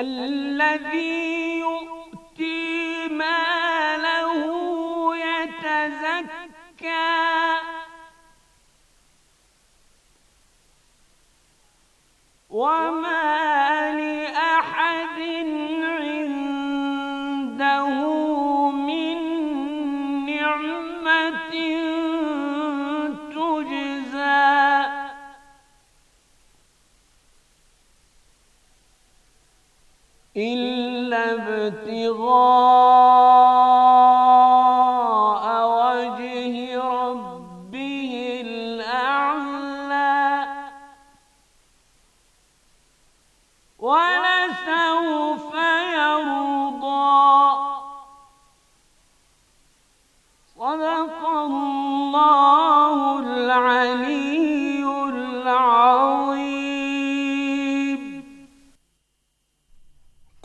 الذي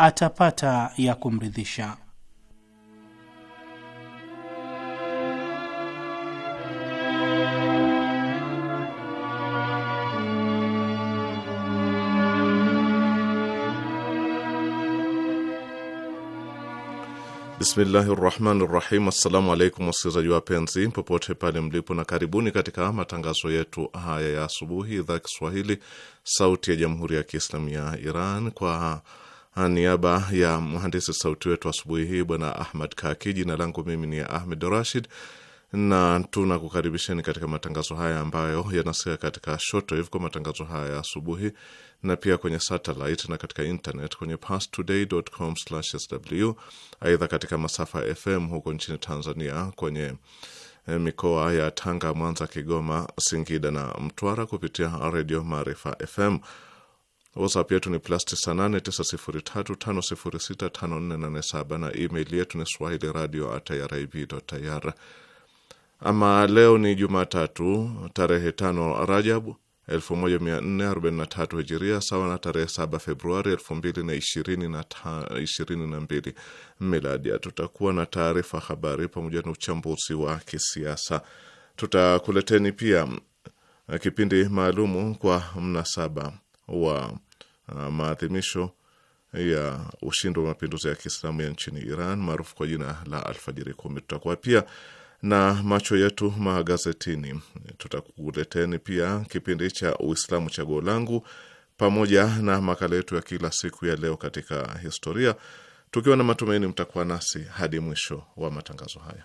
atapata ya kumridhisha. Bismillahi rahmani rahim. Assalamu alaikum wasikilizaji wapenzi popote pale mlipo, na karibuni katika matangazo yetu haya ya asubuhi, idhaa Kiswahili sauti ya jamhuri ya Kiislamu ya Iran kwa niaba ya mhandisi sauti wetu asubuhi hii bwana Ahmad Kaki, jina langu mimi ni Ahmed Rashid na tunakukaribisheni katika matangazo haya ambayo yanasika katika shortwave kwa matangazo haya ya asubuhi, na pia kwenye satellite na katika internet kwenye pastoday.com/sw. Aidha, katika masafa FM huko nchini Tanzania kwenye eh, mikoa ya Tanga, Mwanza, Kigoma, Singida na Mtwara kupitia redio Maarifa FM. WhatsApp yetu ni plus 989035065487 na email yetu ni swahili radio irib ir. Ama leo ni Jumatatu tarehe 5 Rajab 1443 hijiria sawa na tarehe 7 Februari 2022 miladia Tutakuwa na taarifa habari pamoja na uchambuzi wa kisiasa. Tutakuleteni pia kipindi maalumu kwa mnasaba wa Ah, maadhimisho ya ushindi wa mapinduzi ya Kiislamu ya nchini Iran maarufu kwa jina la Alfajiri Kumi. Tutakuwa pia na macho yetu magazetini, tutakuleteni pia kipindi cha Uislamu chaguo langu pamoja na makala yetu ya kila siku ya leo katika historia, tukiwa na matumaini mtakuwa nasi hadi mwisho wa matangazo haya.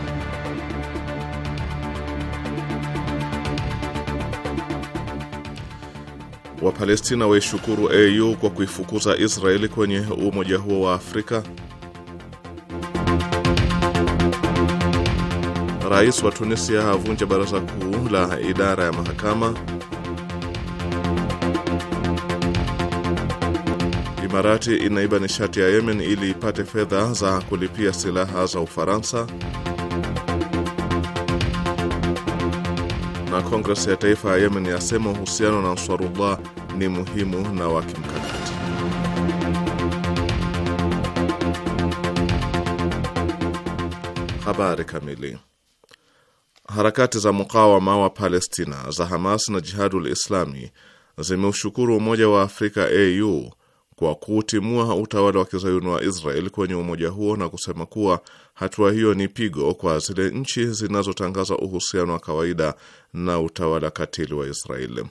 Wapalestina waishukuru AU kwa kuifukuza Israeli kwenye umoja huo wa Afrika. Rais wa Tunisia avunja baraza kuu la idara ya mahakama. Imarati inaiba nishati ya Yemen ili ipate fedha za kulipia silaha za Ufaransa. na Kongres ya Taifa ya Yemen yasema uhusiano na Ansarullah ni muhimu na wa kimkakati. Habari kamili. Harakati za mukawama wa Palestina za Hamas na Jihadul Islami zimeushukuru Umoja wa Afrika au kwa kuutimua utawala wa kizayuni wa Israel kwenye umoja huo na kusema kuwa hatua hiyo ni pigo kwa zile nchi zinazotangaza uhusiano wa kawaida na utawala katili wa Israel.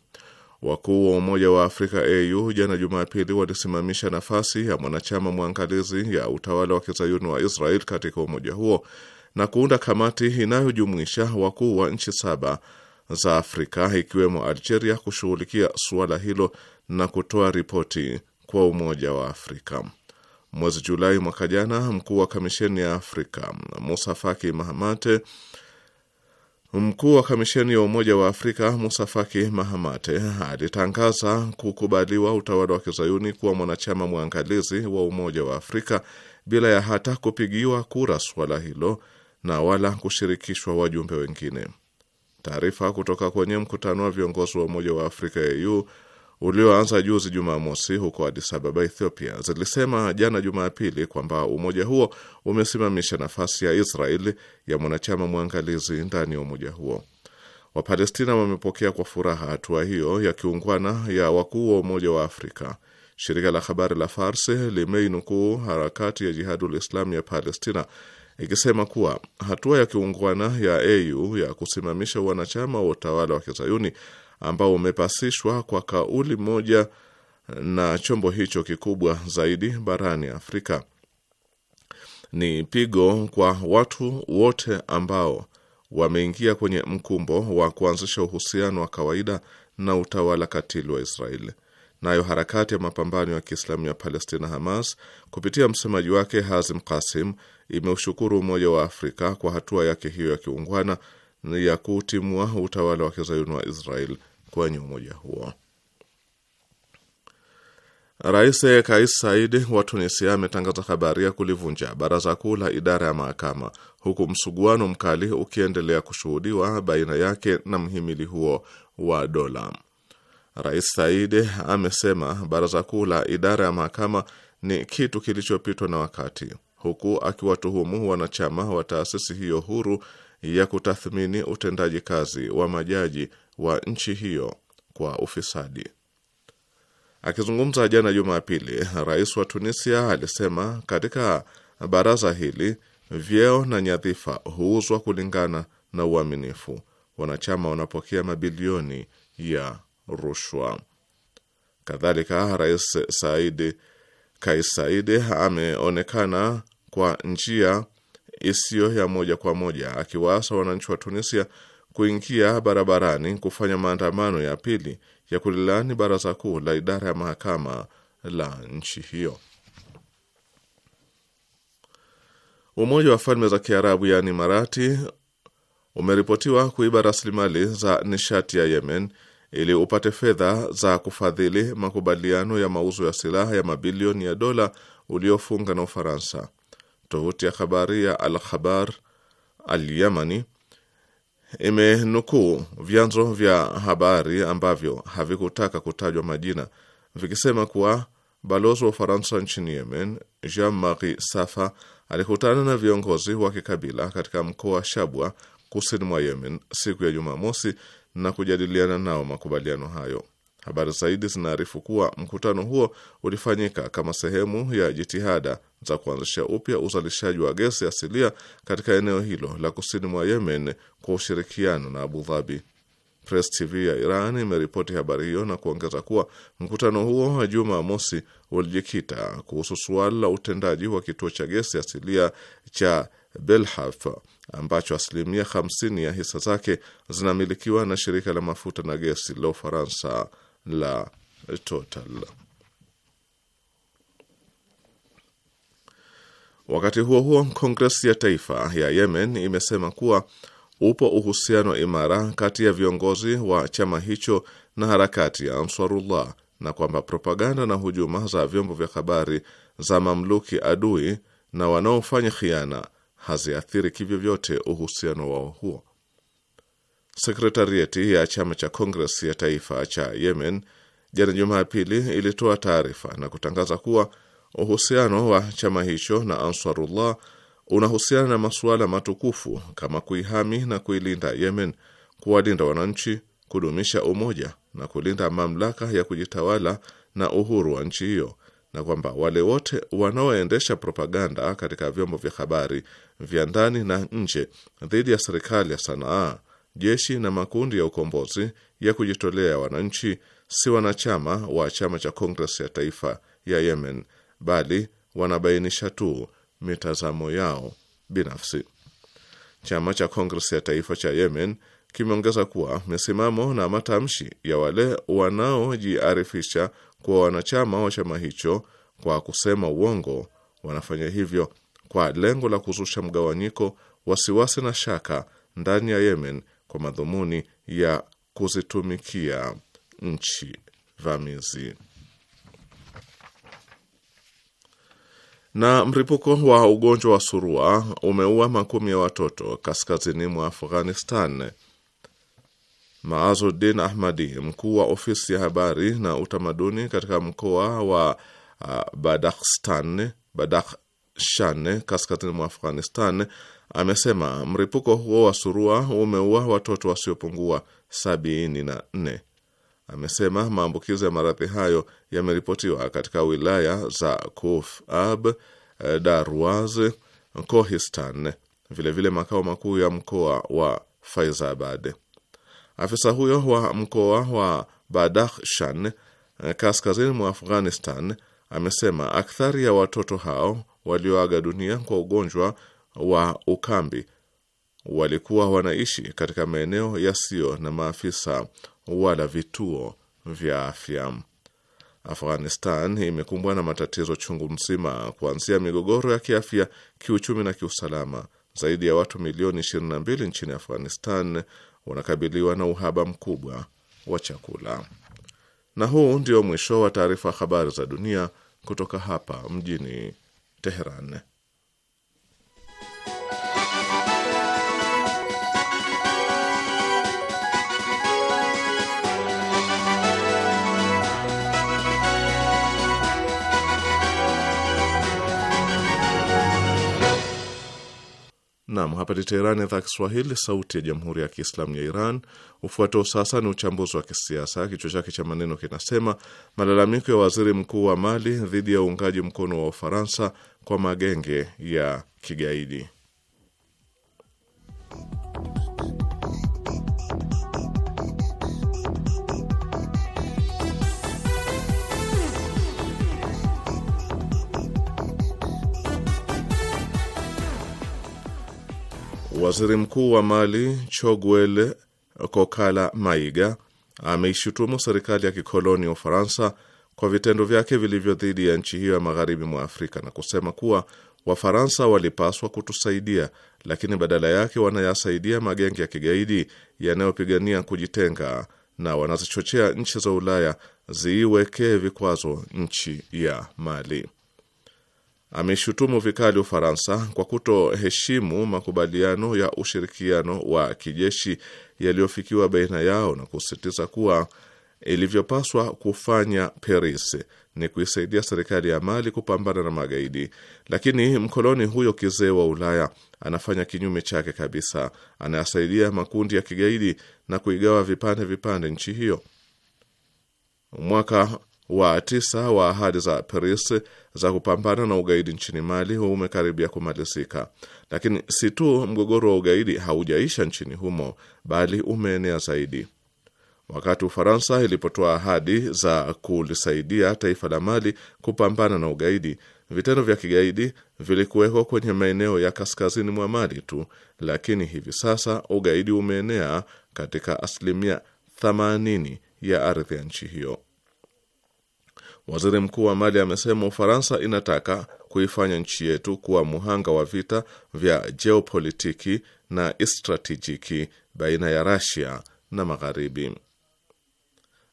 Wakuu wa Umoja wa Afrika AU jana Jumapili walisimamisha nafasi ya mwanachama mwangalizi ya utawala wa kizayuni wa Israel katika umoja huo na kuunda kamati inayojumuisha wakuu wa nchi saba za Afrika ikiwemo Algeria kushughulikia suala hilo na kutoa ripoti kwa Umoja wa Afrika. Mwezi Julai mwaka jana, mkuu wa kamisheni ya Afrika Musa Faki Mahamate mkuu wa kamisheni ya Umoja wa Afrika Musa Faki Mahamate alitangaza kukubaliwa utawala wa kizayuni kuwa mwanachama mwangalizi wa Umoja wa Afrika bila ya hata kupigiwa kura suala hilo na wala kushirikishwa wajumbe wengine. Taarifa kutoka kwenye mkutano wa viongozi wa Umoja wa Afrika AU ulioanza juzi Jumamosi huko Addis Ababa, Ethiopia, zilisema jana Jumapili kwamba umoja huo umesimamisha nafasi ya Israeli ya mwanachama mwangalizi ndani ya umoja huo. Wapalestina wamepokea kwa furaha hatua hiyo ya kiungwana ya wakuu wa Umoja wa Afrika. Shirika la habari la Fars limeinukuu harakati ya Jihadul Islami ya Palestina ikisema kuwa hatua ya kiungwana ya AU ya kusimamisha wanachama wa utawala wa kizayuni ambao umepasishwa kwa kauli moja na chombo hicho kikubwa zaidi barani Afrika. Ni pigo kwa watu wote ambao wameingia kwenye mkumbo wa kuanzisha uhusiano wa kawaida na utawala katili wa Israeli. Nayo harakati ya mapambano ya Kiislamu ya Palestina, Hamas, kupitia msemaji wake Hazim Kasim, imeushukuru Umoja wa Afrika kwa hatua yake hiyo ya kiungwana ya kutimua utawala wa kizayuni wa Israeli kwenye umoja huo. Rais Kais Saidi wa Tunisia ametangaza habari ya kulivunja baraza kuu la idara ya mahakama, huku msuguano mkali ukiendelea kushuhudiwa baina yake na mhimili huo wa dola. Rais Said amesema baraza kuu la idara ya mahakama ni kitu kilichopitwa na wakati, huku akiwatuhumu wanachama wa taasisi hiyo huru ya kutathmini utendaji kazi wa majaji wa nchi hiyo kwa ufisadi. Akizungumza jana Jumapili, rais wa Tunisia alisema katika baraza hili vyeo na nyadhifa huuzwa kulingana na uaminifu. Wanachama wanapokea mabilioni ya rushwa. Kadhalika, rais Saidi Kais Saidi ameonekana kwa njia isiyo ya moja kwa moja akiwaasa wananchi wa Tunisia kuingia barabarani kufanya maandamano ya pili ya kulilaani baraza kuu la idara ya mahakama la nchi hiyo. Umoja wa Falme za Kiarabu yaani Marati umeripotiwa kuiba rasilimali za nishati ya Yemen ili upate fedha za kufadhili makubaliano ya mauzo ya silaha ya mabilioni ya dola uliofunga na Ufaransa. Tovuti ya habari ya Al Khabar Al Yamani imenukuu vyanzo vya habari ambavyo havikutaka kutajwa majina vikisema kuwa balozi wa Ufaransa nchini Yemen, Jean-Marie Safa, alikutana na viongozi wa kikabila katika mkoa wa Shabwa, kusini mwa Yemen, siku ya Jumamosi na kujadiliana nao makubaliano hayo. Habari zaidi zinaarifu kuwa mkutano huo ulifanyika kama sehemu ya jitihada za kuanzisha upya uzalishaji wa gesi asilia katika eneo hilo la kusini mwa Yemen kwa ushirikiano na Abu Dhabi. Press TV ya Iran imeripoti habari hiyo na kuongeza kuwa mkutano huo wa Juma Mosi ulijikita kuhusu suala la utendaji wa kituo cha gesi asilia cha Belhaf ambacho asilimia 50 ya hisa zake zinamilikiwa na shirika la mafuta na gesi la Ufaransa la Total. Wakati huo huo, Kongresi ya Taifa ya Yemen imesema kuwa upo uhusiano imara kati ya viongozi wa chama hicho na harakati ya Ansarullah na kwamba propaganda na hujuma za vyombo vya habari za mamluki adui na wanaofanya khiana haziathiri kivyovyote uhusiano wao huo. Sekretarieti ya chama cha Kongres ya Taifa cha Yemen jana Jumapili ilitoa taarifa na kutangaza kuwa uhusiano wa chama hicho na Ansarullah unahusiana na masuala matukufu kama kuihami na kuilinda Yemen, kuwalinda wananchi, kudumisha umoja na kulinda mamlaka ya kujitawala na uhuru wa nchi hiyo, na kwamba wale wote wanaoendesha propaganda katika vyombo vya habari vya ndani na nje dhidi ya serikali ya Sanaa jeshi na makundi ya ukombozi ya kujitolea ya wananchi si wanachama wa chama cha Kongres ya Taifa ya Yemen, bali wanabainisha tu mitazamo yao binafsi. Chama cha Kongres ya Taifa cha Yemen kimeongeza kuwa misimamo na matamshi ya wale wanaojiarifisha kuwa wanachama wa chama hicho kwa kusema uongo wanafanya hivyo kwa lengo la kuzusha mgawanyiko, wasiwasi na shaka ndani ya Yemen kwa madhumuni ya kuzitumikia nchi vamizi. Na mlipuko wa ugonjwa wa surua umeua makumi ya watoto kaskazini mwa Afghanistan. Maazuddin Ahmadi, mkuu wa ofisi ya habari na utamaduni katika mkoa wa uh, Badakhshan, kaskazini mwa Afghanistan, amesema mripuko huo wa surua umeua watoto wasiopungua 74. Amesema maambukizo ya maradhi hayo yameripotiwa katika wilaya za kufab Ab, Darwaz, Kohistan, vilevile makao makuu ya mkoa wa Faizabad. Afisa huyo wa mkoa wa Badakhshan kaskazini mwa Afghanistan amesema akthari ya watoto hao walioaga dunia kwa ugonjwa wa ukambi walikuwa wanaishi katika maeneo yasiyo na maafisa wala vituo vya afya. Afghanistan imekumbwa na matatizo chungu mzima, kuanzia migogoro ya kiafya, kiuchumi na kiusalama. Zaidi ya watu milioni 22 nchini Afghanistan wanakabiliwa na uhaba mkubwa wa chakula. Na huu ndio mwisho wa taarifa habari za dunia kutoka hapa mjini Teheran. Nam, hapa ni Teherani, idhaa Kiswahili, sauti ya jamhuri ya kiislamu ya Iran. Ufuatao sasa ni uchambuzi wa kisiasa, kichwa chake cha maneno kinasema malalamiko ya waziri mkuu wa Mali dhidi ya uungaji mkono wa Ufaransa kwa magenge ya kigaidi. Waziri Mkuu wa Mali Choguel Kokala Maiga ameishutumu serikali ya kikoloni ya Ufaransa kwa vitendo vyake vilivyo dhidi ya nchi hiyo ya magharibi mwa Afrika na kusema kuwa Wafaransa walipaswa kutusaidia, lakini badala yake wanayasaidia magenge ya kigaidi yanayopigania kujitenga na wanazichochea nchi za Ulaya ziiwekee vikwazo nchi ya Mali ameshutumu vikali Ufaransa kwa kutoheshimu makubaliano ya ushirikiano wa kijeshi yaliyofikiwa baina yao na kusisitiza kuwa ilivyopaswa kufanya Paris ni kuisaidia serikali ya Mali kupambana na magaidi, lakini mkoloni huyo kizee wa Ulaya anafanya kinyume chake kabisa, anayasaidia makundi ya kigaidi na kuigawa vipande vipande nchi hiyo. Mwaka wa tisa wa ahadi za Paris za kupambana na ugaidi nchini Mali umekaribia kumalizika, lakini si tu mgogoro wa ugaidi haujaisha nchini humo, bali umeenea zaidi. Wakati Ufaransa ilipotoa ahadi za kulisaidia taifa la Mali kupambana na ugaidi, vitendo vya kigaidi vilikuwekwa kwenye maeneo ya kaskazini mwa Mali tu, lakini hivi sasa ugaidi umeenea katika asilimia 80 ya ardhi ya nchi hiyo. Waziri mkuu wa Mali amesema Ufaransa inataka kuifanya nchi yetu kuwa muhanga wa vita vya jeopolitiki na istratijiki baina ya Rasia na Magharibi.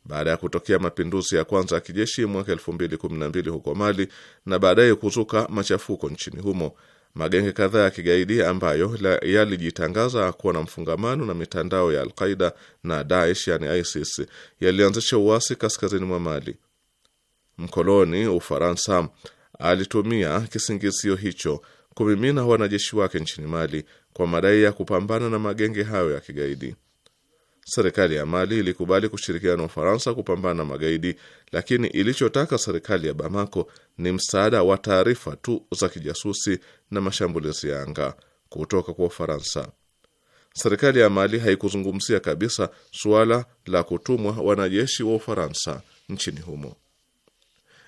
Baada ya kutokea mapinduzi ya kwanza ya kijeshi mwaka mbili huko Mali na baadaye kuzuka machafuko nchini humo, magenge kadhaa ya kigaidi ambayo yalijitangaza kuwa na mfungamano na mitandao ya Alqaida na Daesh yani ISIS yalianzisha uasi kaskazini mwa Mali mkoloni Ufaransa alitumia kisingizio hicho kumimina wanajeshi wake nchini Mali kwa madai ya kupambana na magenge hayo ya kigaidi. Serikali ya Mali ilikubali kushirikiana na Ufaransa kupambana na magaidi, lakini ilichotaka serikali ya Bamako ni msaada wa taarifa tu za kijasusi na mashambulizi ya anga kutoka kwa Ufaransa. Serikali ya Mali haikuzungumzia kabisa suala la kutumwa wanajeshi wa Ufaransa nchini humo.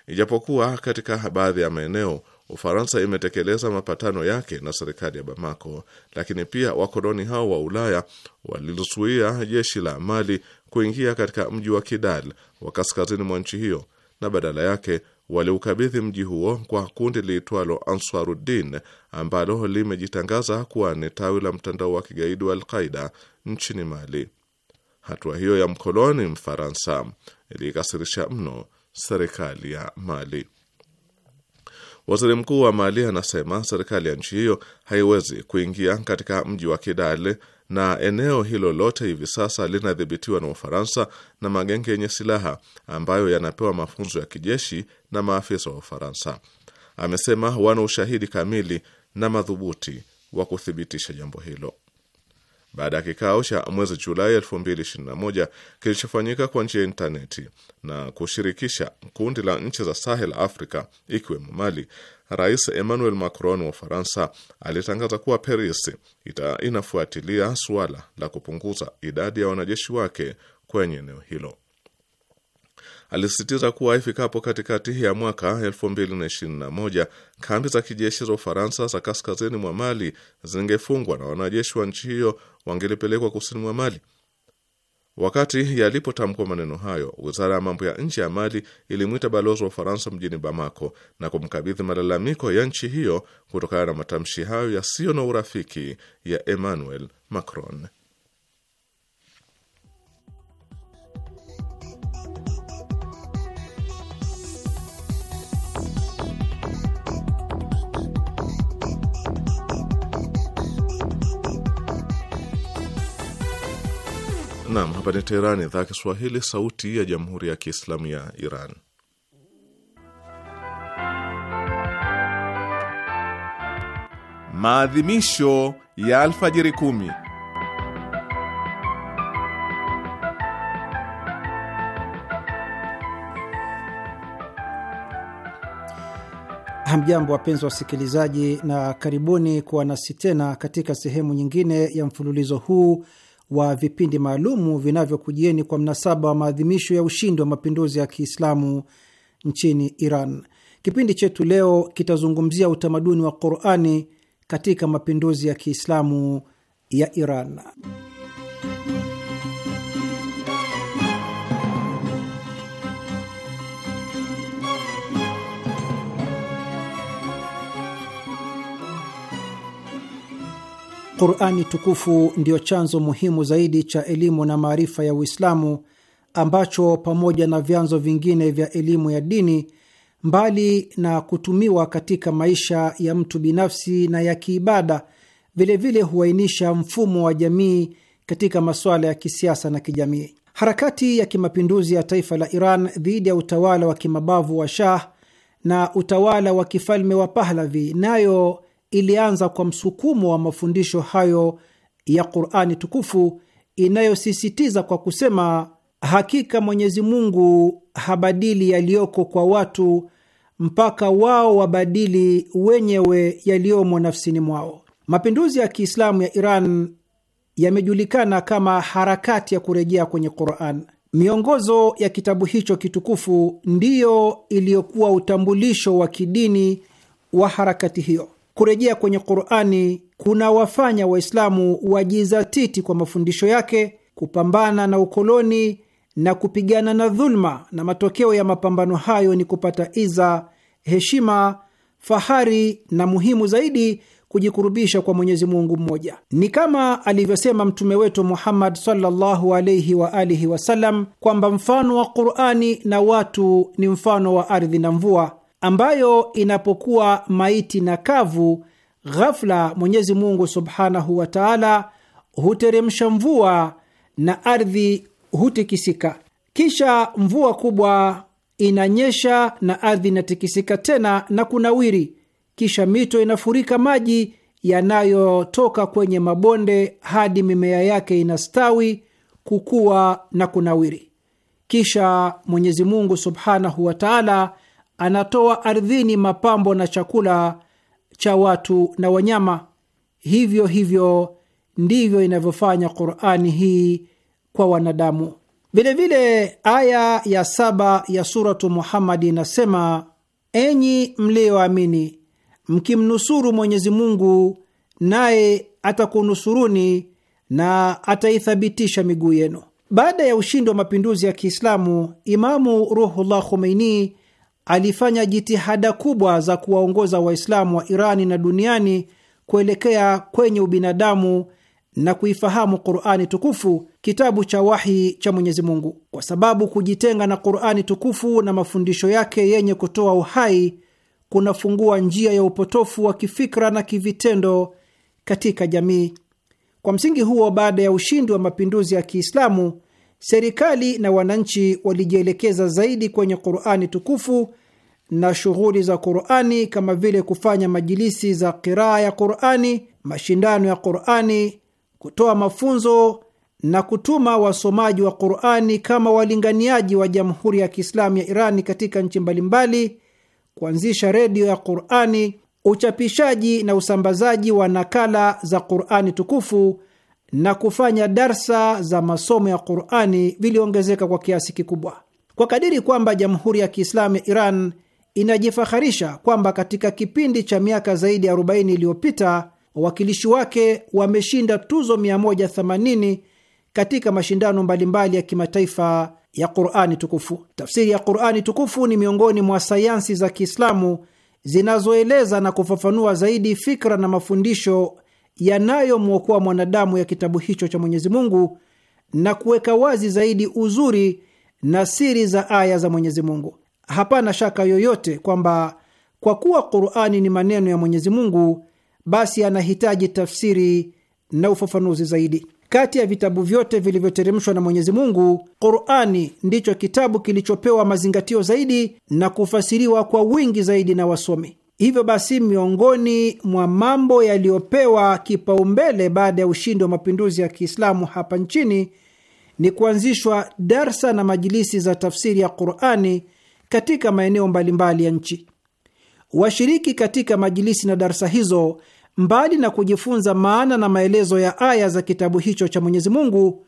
Ijapokuwa katika baadhi ya maeneo Ufaransa imetekeleza mapatano yake na serikali ya Bamako, lakini pia wakoloni hao wa Ulaya walizuia jeshi la Mali kuingia katika mji wa Kidal wa kaskazini mwa nchi hiyo na badala yake waliukabidhi mji huo kwa kundi liitwalo answarudin ambalo limejitangaza kuwa ni tawi la mtandao wa kigaidi wa Alqaida nchini Mali. Hatua hiyo ya mkoloni Mfaransa ilikasirisha mno serikali ya Mali. Waziri mkuu wa Mali anasema serikali ya nchi hiyo haiwezi kuingia katika mji wa kidale na eneo hilo lote hivi sasa linadhibitiwa na Ufaransa na magenge yenye silaha ambayo yanapewa mafunzo ya kijeshi na maafisa wa Ufaransa. Amesema wana ushahidi kamili na madhubuti wa kuthibitisha jambo hilo baada ya kikao cha mwezi Julai 2021 kilichofanyika kwa njia ya intaneti na kushirikisha kundi la nchi za Sahel Africa ikiwemo Mali, Rais Emmanuel Macron wa Ufaransa alitangaza kuwa Paris ita, inafuatilia suala la kupunguza idadi ya wanajeshi wake kwenye eneo hilo alisisitiza kuwa ifikapo katikati ya mwaka 2021 kambi za kijeshi za Ufaransa za kaskazini mwa Mali zingefungwa na wanajeshi wa nchi hiyo wangelipelekwa kusini mwa Mali. Wakati yalipotamkwa maneno hayo, wizara ya mambo ya nje ya Mali ilimwita balozi wa Ufaransa mjini Bamako na kumkabidhi malalamiko ya nchi hiyo kutokana na matamshi hayo yasiyo na urafiki ya Emmanuel Macron. Naam, hapa ni Teherani, idhaa Kiswahili, sauti ya jamhuri ya kiislamu ya Iran. Maadhimisho ya alfajiri kumi. Hamjambo, wapenzi wa wasikilizaji, na karibuni kuwa nasi tena katika sehemu nyingine ya mfululizo huu wa vipindi maalumu vinavyokujieni kwa mnasaba wa maadhimisho ya ushindi wa mapinduzi ya Kiislamu nchini Iran. Kipindi chetu leo kitazungumzia utamaduni wa Qurani katika mapinduzi ya Kiislamu ya Iran. Qurani tukufu ndiyo chanzo muhimu zaidi cha elimu na maarifa ya Uislamu ambacho pamoja na vyanzo vingine vya elimu ya dini, mbali na kutumiwa katika maisha ya mtu binafsi na ya kiibada, vilevile huainisha mfumo wa jamii katika masuala ya kisiasa na kijamii. Harakati ya kimapinduzi ya taifa la Iran dhidi ya utawala wa kimabavu wa Shah na utawala wa kifalme wa Pahlavi nayo ilianza kwa msukumo wa mafundisho hayo ya Qur'ani tukufu inayosisitiza kwa kusema, hakika Mwenyezi Mungu habadili yaliyoko kwa watu mpaka wao wabadili wenyewe yaliyomo nafsini mwao. Mapinduzi ya Kiislamu ya Iran yamejulikana kama harakati ya kurejea kwenye Qur'an. Miongozo ya kitabu hicho kitukufu ndiyo iliyokuwa utambulisho wa kidini wa harakati hiyo kurejea kwenye Qurani kunawafanya Waislamu wajizatiti kwa mafundisho yake, kupambana na ukoloni na kupigana na dhuluma, na matokeo ya mapambano hayo ni kupata iza, heshima, fahari na muhimu zaidi kujikurubisha kwa Mwenyezi Mungu mmoja. Ni kama alivyosema mtume wetu Muhammad sallallahu alayhi wa alihi wasallam kwamba mfano wa Qur'ani na watu ni mfano wa ardhi na mvua ambayo inapokuwa maiti na kavu, ghafla Mwenyezi Mungu subhanahu wa taala huteremsha mvua na ardhi hutikisika. Kisha mvua kubwa inanyesha na ardhi inatikisika tena na kunawiri. Kisha mito inafurika maji yanayotoka kwenye mabonde hadi mimea yake inastawi, kukua na kunawiri. Kisha Mwenyezi Mungu subhanahu wa taala anatoa ardhini mapambo na chakula cha watu na wanyama. Hivyo hivyo ndivyo inavyofanya Qurani hii kwa wanadamu. Vilevile aya ya saba ya Suratu Muhammadi inasema, enyi mliyoamini, mkimnusuru Mwenyezi Mungu naye atakunusuruni na ataithabitisha miguu yenu. Baada ya ushindi wa mapinduzi ya Kiislamu, Imamu Ruhullah Khomeini alifanya jitihada kubwa za kuwaongoza Waislamu wa Irani na duniani kuelekea kwenye ubinadamu na kuifahamu Qurani tukufu, kitabu cha wahi cha Mwenyezi Mungu, kwa sababu kujitenga na Qurani tukufu na mafundisho yake yenye kutoa uhai kunafungua njia ya upotofu wa kifikra na kivitendo katika jamii. Kwa msingi huo, baada ya ushindi wa mapinduzi ya Kiislamu, serikali na wananchi walijielekeza zaidi kwenye Qurani tukufu na shughuli za Qurani kama vile kufanya majilisi za qiraa ya Qurani, mashindano ya Qurani, kutoa mafunzo na kutuma wasomaji wa Qurani kama walinganiaji wa Jamhuri ya Kiislamu ya Irani katika nchi mbalimbali, kuanzisha redio ya Qurani, uchapishaji na usambazaji wa nakala za Qurani tukufu na kufanya darsa za masomo ya Qurani viliongezeka kwa kiasi kikubwa, kwa kadiri kwamba Jamhuri ya Kiislamu ya Iran inajifaharisha kwamba katika kipindi cha miaka zaidi ya 40 iliyopita wawakilishi wake wameshinda tuzo 180 katika mashindano mbalimbali ya kimataifa ya Qurani tukufu. Tafsiri ya Qurani tukufu ni miongoni mwa sayansi za Kiislamu zinazoeleza na kufafanua zaidi fikra na mafundisho yanayomwokoa mwanadamu ya kitabu hicho cha Mwenyezi Mungu na kuweka wazi zaidi uzuri na siri za aya za Mwenyezi Mungu. Hapana shaka yoyote kwamba kwa kuwa Qur'ani ni maneno ya Mwenyezi Mungu, basi anahitaji tafsiri na ufafanuzi zaidi. Kati ya vitabu vyote vilivyoteremshwa na Mwenyezi Mungu, Qur'ani ndicho kitabu kilichopewa mazingatio zaidi na kufasiriwa kwa wingi zaidi na wasomi. Hivyo basi, miongoni mwa mambo yaliyopewa kipaumbele baada ya ushindi wa mapinduzi ya Kiislamu hapa nchini ni kuanzishwa darsa na majilisi za tafsiri ya Qurani katika maeneo mbalimbali ya nchi. Washiriki katika majilisi na darsa hizo, mbali na kujifunza maana na maelezo ya aya za kitabu hicho cha Mwenyezi Mungu,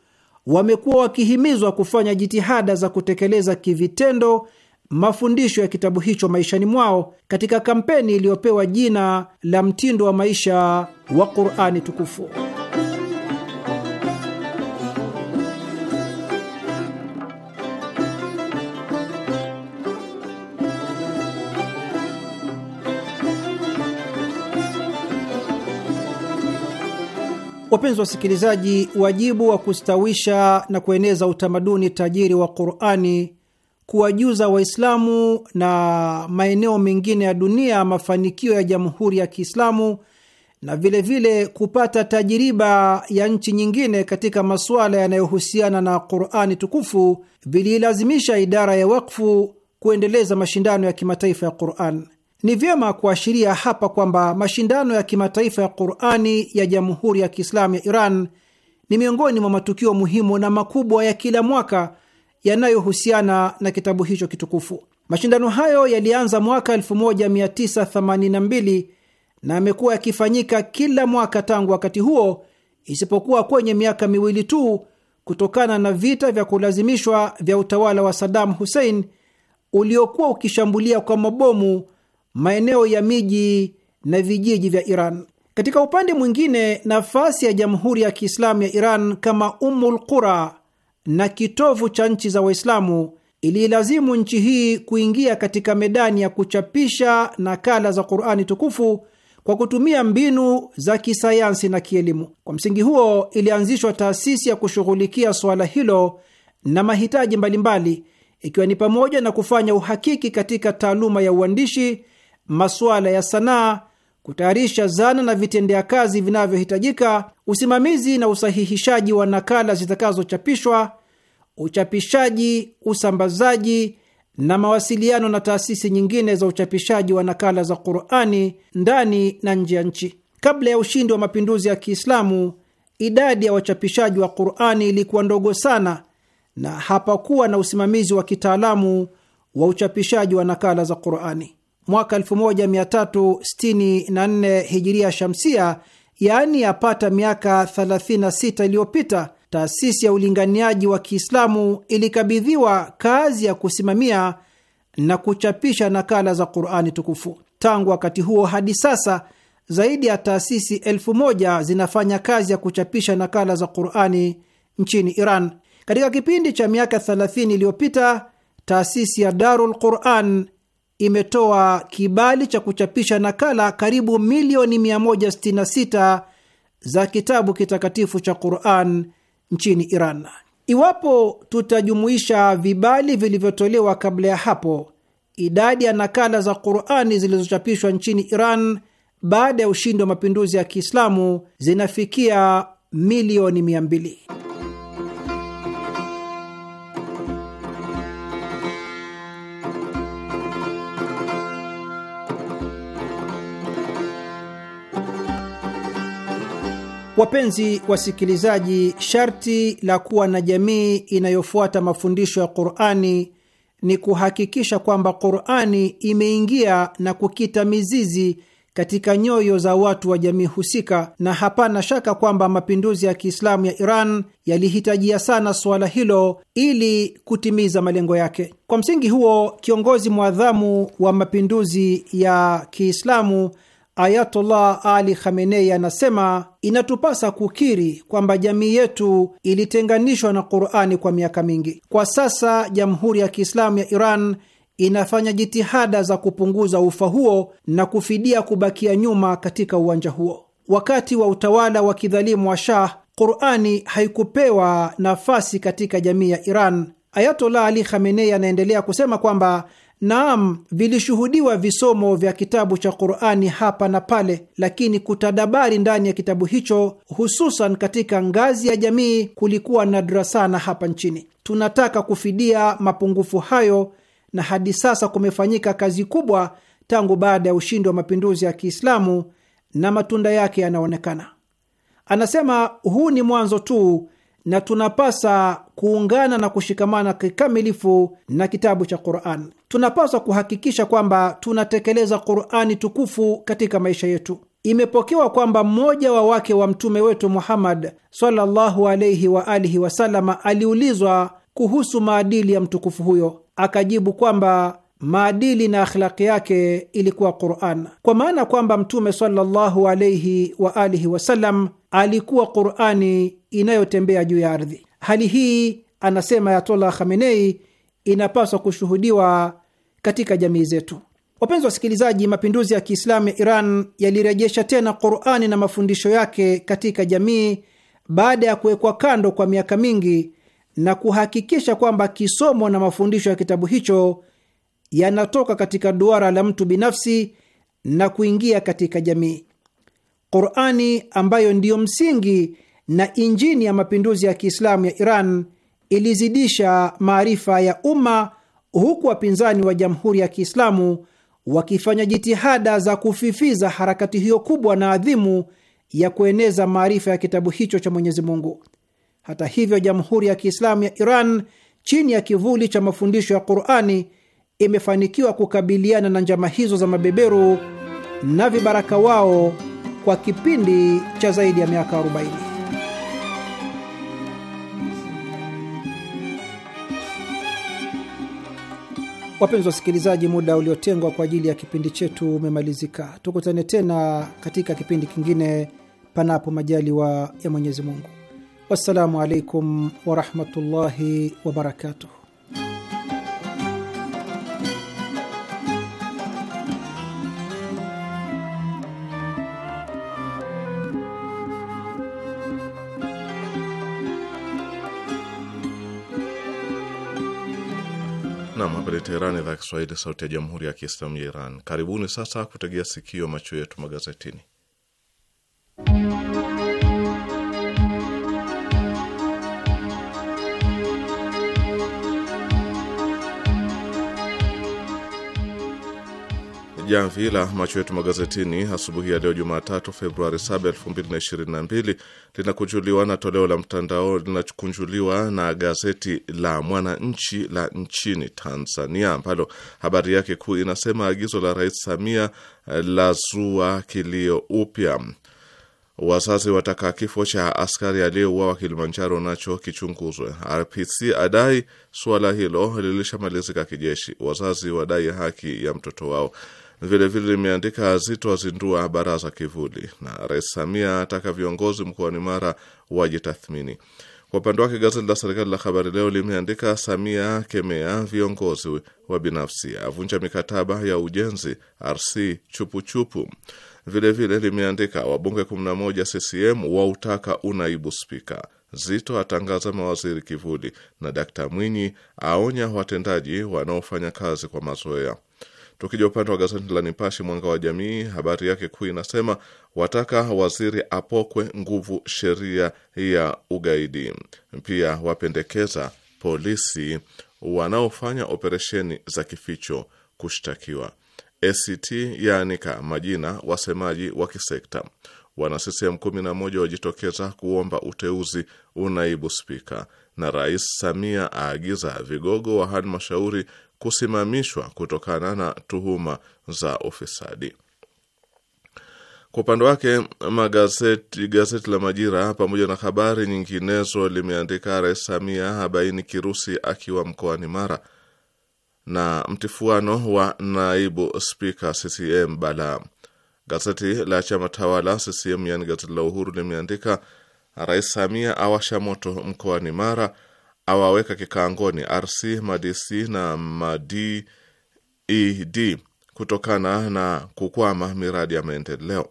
wamekuwa wakihimizwa kufanya jitihada za kutekeleza kivitendo mafundisho ya kitabu hicho maishani mwao katika kampeni iliyopewa jina la mtindo wa maisha wa Qur'ani tukufu. Wapenzi wasikilizaji, wajibu wa kustawisha na kueneza utamaduni tajiri wa Qur'ani kuwajuza Waislamu na maeneo mengine ya dunia mafanikio ya Jamhuri ya Kiislamu na vilevile vile kupata tajiriba ya nchi nyingine katika masuala yanayohusiana na Qurani tukufu viliilazimisha idara ya wakfu kuendeleza mashindano ya kimataifa ya Quran. Ni vyema kuashiria hapa kwamba mashindano ya kimataifa ya Qurani ya Jamhuri ya Kiislamu ya Iran ni miongoni mwa matukio muhimu na makubwa ya kila mwaka yanayohusiana na kitabu hicho kitukufu. Mashindano hayo yalianza mwaka 1982 na yamekuwa yakifanyika kila mwaka tangu wakati huo, isipokuwa kwenye miaka miwili tu kutokana na vita vya kulazimishwa vya utawala wa Saddam Hussein uliokuwa ukishambulia kwa mabomu maeneo ya miji na vijiji vya Iran. Katika upande mwingine, nafasi ya Jamhuri ya Kiislamu ya Iran kama Ummul Qura na kitovu cha nchi za Waislamu, iliilazimu nchi hii kuingia katika medani ya kuchapisha nakala za Qurani tukufu kwa kutumia mbinu za kisayansi na kielimu. Kwa msingi huo, ilianzishwa taasisi ya kushughulikia suala hilo na mahitaji mbalimbali, ikiwa ni pamoja na kufanya uhakiki katika taaluma ya uandishi, masuala ya sanaa kutayarisha zana na vitendea kazi vinavyohitajika, usimamizi na usahihishaji wa nakala zitakazochapishwa, uchapishaji, usambazaji na mawasiliano na taasisi nyingine za uchapishaji wa nakala za Qurani ndani na nje ya nchi. Kabla ya ushindi wa mapinduzi ya Kiislamu, idadi ya wachapishaji wa Qurani ilikuwa ndogo sana na hapakuwa na usimamizi wa kitaalamu wa uchapishaji wa nakala za Qurani mwaka 1364 hijiria shamsia, yaani yapata miaka 36 iliyopita, taasisi ya ulinganiaji wa Kiislamu ilikabidhiwa kazi ya kusimamia na kuchapisha nakala za Qurani tukufu. Tangu wakati huo hadi sasa zaidi ya taasisi elfu moja zinafanya kazi ya kuchapisha nakala za Qurani nchini Iran. Katika kipindi cha miaka 30 iliyopita, taasisi ya Darul Quran imetoa kibali cha kuchapisha nakala karibu milioni 166 za kitabu kitakatifu cha Quran nchini Iran. Iwapo tutajumuisha vibali vilivyotolewa kabla ya hapo, idadi ya nakala za Qurani zilizochapishwa nchini Iran baada ya ushindi wa mapinduzi ya Kiislamu zinafikia milioni 200. Wapenzi wasikilizaji, sharti la kuwa na jamii inayofuata mafundisho ya Qur'ani ni kuhakikisha kwamba Qur'ani imeingia na kukita mizizi katika nyoyo za watu wa jamii husika, na hapana shaka kwamba mapinduzi ya Kiislamu ya Iran yalihitajia sana suala hilo ili kutimiza malengo yake. Kwa msingi huo, kiongozi mwadhamu wa mapinduzi ya Kiislamu Ayatollah Ali Khamenei anasema inatupasa kukiri kwamba jamii yetu ilitenganishwa na Qurani kwa miaka mingi. Kwa sasa Jamhuri ya Kiislamu ya Iran inafanya jitihada za kupunguza ufa huo na kufidia kubakia nyuma katika uwanja huo. Wakati wa utawala wa kidhalimu wa Shah, Qurani haikupewa nafasi katika jamii ya Iran. Ayatollah Ali Khamenei anaendelea kusema kwamba Naam, vilishuhudiwa visomo vya kitabu cha Qur'ani hapa na pale, lakini kutadabari ndani ya kitabu hicho, hususan katika ngazi ya jamii, kulikuwa nadra sana hapa nchini. Tunataka kufidia mapungufu hayo, na hadi sasa kumefanyika kazi kubwa tangu baada ya ushindi wa mapinduzi ya Kiislamu na matunda yake yanaonekana. Anasema huu ni mwanzo tu na tunapasa kuungana na kushikamana kikamilifu na kitabu cha Qur'an. Tunapaswa kuhakikisha kwamba tunatekeleza Qur'ani tukufu katika maisha yetu. Imepokewa kwamba mmoja wa wake wa mtume wetu Muhammad sallallahu wa alihi aliulizwa kuhusu maadili ya mtukufu huyo, akajibu kwamba maadili na akhlaqi yake ilikuwa Quran, kwa maana kwamba Mtume sallallahu alaihi wa alihi wasallam alikuwa Qurani inayotembea juu ya ardhi. Hali hii, anasema Ayatollah Khamenei, inapaswa kushuhudiwa katika jamii zetu. Wapenzi wasikilizaji, mapinduzi ya Kiislamu ya Iran yalirejesha tena Qurani na mafundisho yake katika jamii baada ya kuwekwa kando kwa miaka mingi na kuhakikisha kwamba kisomo na mafundisho ya kitabu hicho yanatoka katika duara la mtu binafsi na kuingia katika jamii. Qurani ambayo ndiyo msingi na injini ya mapinduzi ya Kiislamu ya Iran ilizidisha maarifa ya umma, huku wapinzani wa Jamhuri ya Kiislamu wakifanya jitihada za kufifiza harakati hiyo kubwa na adhimu ya kueneza maarifa ya kitabu hicho cha Mwenyezi Mungu. Hata hivyo, Jamhuri ya Kiislamu ya Iran chini ya kivuli cha mafundisho ya Qurani imefanikiwa kukabiliana na njama hizo za mabeberu na vibaraka wao kwa kipindi cha zaidi ya miaka 40. Wapenzi wasikilizaji, muda uliotengwa kwa ajili ya kipindi chetu umemalizika. Tukutane tena katika kipindi kingine, panapo majaliwa ya Mwenyezi Mungu. Wassalamu alaikum warahmatullahi wabarakatuh. Nam, hapa ni Teherani, idhaa ya Kiswahili, sauti ya jamhuri ya kiislamu ya Iran. Karibuni sasa kutegea sikio, macho yetu magazetini. jamvi la macho yetu magazetini asubuhi ya leo Jumatatu, Februari 7, 2022 linakunjuliwa na toleo la mtandao linakunjuliwa na gazeti la Mwananchi la nchini Tanzania, ambalo habari yake kuu inasema agizo la Rais Samia la zua kilio upya, wazazi wataka kifo cha askari aliyeuawa Kilimanjaro nacho kichunguzwe. RPC adai suala hilo lilishamalizika kijeshi, wazazi wadai haki ya mtoto wao. Vilevile limeandika Zito azindua baraza kivuli na Rais Samia ataka viongozi mkoani Mara wajitathmini. Kwa upande wake gazeti la serikali la Habari Leo limeandika Samia kemea viongozi wa binafsi, avunja mikataba ya ujenzi RC chupuchupu. Vilevile limeandika wabunge 11 CCM wautaka unaibu spika, Zito atangaza mawaziri kivuli, na Dkt Mwinyi aonya watendaji wanaofanya kazi kwa mazoea. Tukija upande wa gazeti la Nipashe Mwanga wa Jamii, habari yake kuu inasema wataka waziri apokwe nguvu sheria ya ugaidi. Pia wapendekeza polisi wanaofanya operesheni za kificho kushtakiwa. ACT yaanika majina wasemaji wa kisekta. Wana CCM kumi na moja wajitokeza kuomba uteuzi unaibu spika, na Rais Samia aagiza vigogo wa halmashauri kusimamishwa kutokana na tuhuma za ufisadi. Kwa upande wake magazeti gazeti la Majira pamoja na habari nyinginezo limeandika Rais Samia abaini kirusi akiwa mkoani Mara na mtifuano wa naibu spika CCM balaa. Gazeti la chama tawala CCM, yani gazeti la Uhuru limeandika Rais Samia awasha moto mkoani Mara awaweka kikaangoni RC MADC na MADED e kutokana na kukwama miradi ya maendeleo.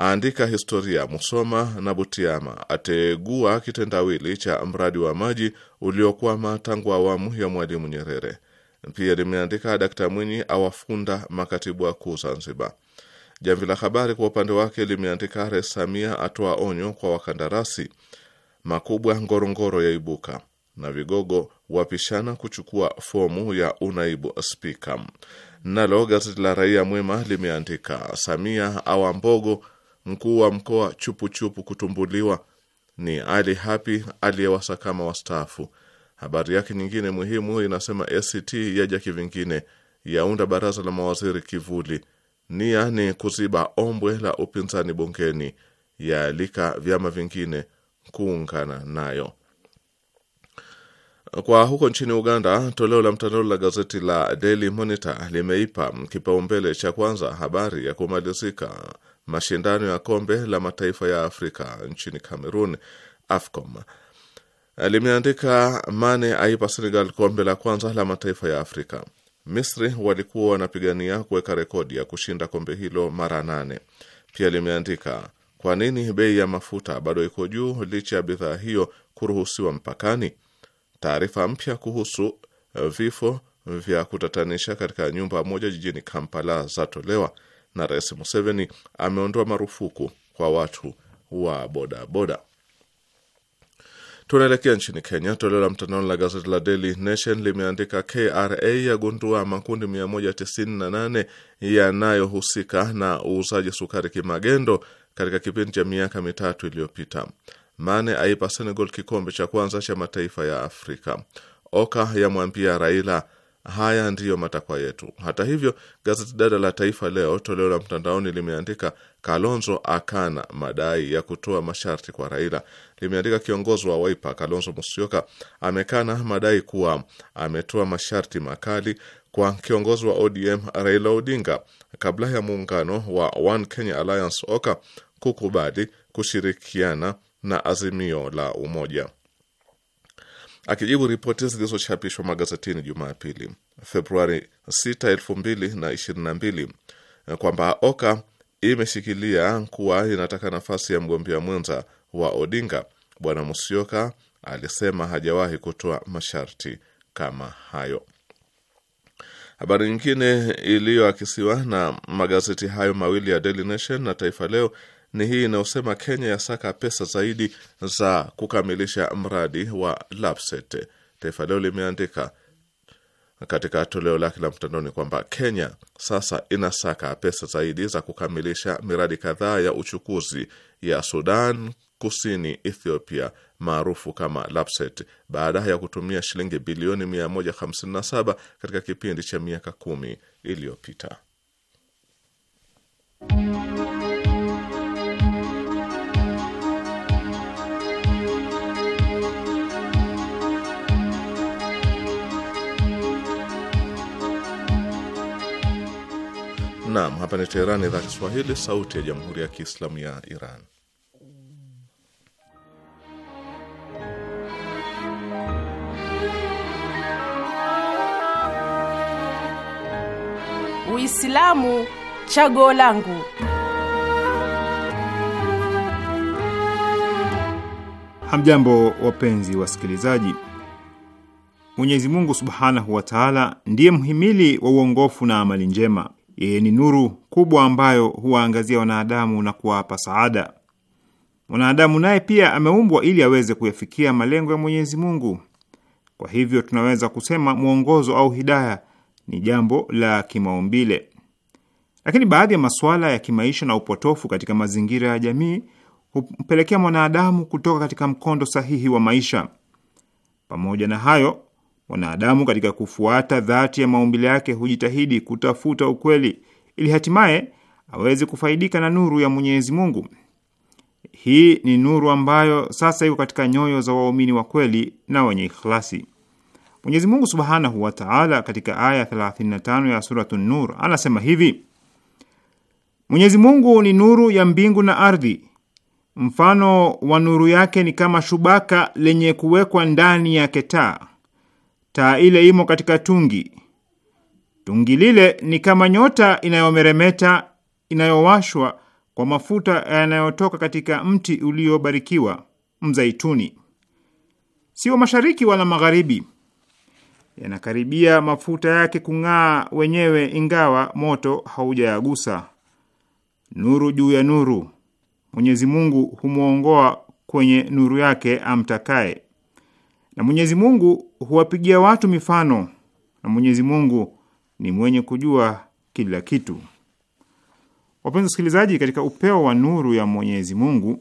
Aandika historia Musoma na Butiama, ategua kitendawili cha mradi wa maji uliokwama tangu awamu ya Mwalimu Nyerere. Pia limeandika Dakta Mwinyi awafunda makatibu wakuu Zanzibar. Jamvi la Habari kwa upande wake limeandika Rais Samia atoa onyo kwa wakandarasi makubwa, Ngorongoro ya ibuka na vigogo wapishana kuchukua fomu ya unaibu spika. Nalo gazeti la Raia Mwema limeandika Samia Awambogo, mkuu wa mkoa chupuchupu kutumbuliwa ni Ali Hapi aliyewasakama wastaafu. Habari yake nyingine muhimu inasema ACT yaja kivingine, yaunda baraza la mawaziri kivuli, nia ni kuziba ombwe la upinzani bungeni, yaalika vyama vingine kuungana nayo. Kwa huko nchini Uganda, toleo la mtandao la gazeti la Daily Monitor limeipa kipaumbele cha kwanza habari ya kumalizika mashindano ya kombe la mataifa ya Afrika nchini Cameroon, AFCOM. Limeandika Mane aipa Senegal kombe la kwanza la mataifa ya Afrika. Misri walikuwa wanapigania kuweka rekodi ya kushinda kombe hilo mara nane. Pia limeandika kwa nini bei ya mafuta bado iko juu licha ya bidhaa hiyo kuruhusiwa mpakani. Taarifa mpya kuhusu eh, vifo vya kutatanisha katika nyumba moja jijini Kampala zatolewa na Rais Museveni ameondoa marufuku kwa watu wa bodaboda. Tunaelekea nchini Kenya. Toleo la mtandaoni la gazeti la Daily Nation limeandika KRA yagundua makundi 198 yanayohusika na uuzaji sukari kimagendo katika kipindi cha miaka mitatu iliyopita. Mane aipa Senegal kikombe cha kwanza cha mataifa ya Afrika. Oka yamwambia Raila, haya ndiyo matakwa yetu. Hata hivyo, gazeti dada la Taifa Leo toleo la mtandaoni limeandika Kalonzo akana madai ya kutoa masharti kwa Raila. Limeandika kiongozi wa Waipa Kalonzo Musyoka amekana madai kuwa ametoa masharti makali kwa kiongozi wa ODM Raila Odinga kabla ya muungano wa One Kenya Alliance Oka kukubali kushirikiana na Azimio la Umoja. Akijibu ripoti zilizochapishwa magazetini Jumapili Februari 6, 2022 kwamba Oka imeshikilia kuwa inataka nafasi ya mgombea mwenza wa Odinga, Bwana Musyoka alisema hajawahi kutoa masharti kama hayo. Habari nyingine iliyoakisiwa na magazeti hayo mawili ya Daily Nation na Taifa Leo ni hii inayosema Kenya yasaka pesa zaidi za kukamilisha mradi wa Lapset. Taifa Leo limeandika katika toleo lake la mtandaoni kwamba Kenya sasa inasaka pesa zaidi za kukamilisha miradi kadhaa ya uchukuzi ya Sudan Kusini, Ethiopia maarufu kama Lapset baada ya kutumia shilingi bilioni 157 katika kipindi cha miaka kumi iliyopita. Naam, hapa ni Teherani, idhaa Kiswahili, sauti ya jamhuri ya kiislamu ya Iran. Uislamu chaguo langu. Hamjambo, wapenzi wasikilizaji. Mwenyezi Mungu subhanahu wa taala ndiye mhimili wa uongofu na amali njema yeye ni nuru kubwa ambayo huwaangazia wanadamu na kuwapa saada. Mwanadamu naye pia ameumbwa ili aweze kuyafikia malengo ya Mwenyezi Mungu. Kwa hivyo tunaweza kusema mwongozo au hidaya ni jambo la kimaumbile, lakini baadhi ya masuala ya kimaisha na upotofu katika mazingira ya jamii humpelekea mwanadamu kutoka katika mkondo sahihi wa maisha. Pamoja na hayo, Wanadamu katika kufuata dhati ya maumbile yake hujitahidi kutafuta ukweli ili hatimaye aweze kufaidika na nuru ya Mwenyezi Mungu. Hii ni nuru ambayo sasa iko katika nyoyo za waumini wa kweli na wenye ikhlasi. Mwenyezi Mungu Subhanahu wa Ta'ala katika aya 35 ya suratun Nur anasema hivi: Mwenyezi Mungu ni nuru ya mbingu na ardhi. Mfano wa nuru yake ni kama shubaka lenye kuwekwa ndani ya ketaa taa ile imo katika tungi. Tungi lile ni kama nyota inayomeremeta inayowashwa kwa mafuta yanayotoka katika mti uliobarikiwa mzaituni. Sio mashariki wala magharibi, yanakaribia mafuta yake kung'aa wenyewe, ingawa moto haujayagusa. Nuru juu ya nuru, Mwenyezi Mungu humwongoa kwenye nuru yake amtakaye. Na Mwenyezi Mungu huwapigia watu mifano, na Mwenyezi Mungu ni mwenye kujua kila kitu. Wapenzi wasikilizaji, katika upeo wa nuru ya Mwenyezi Mungu,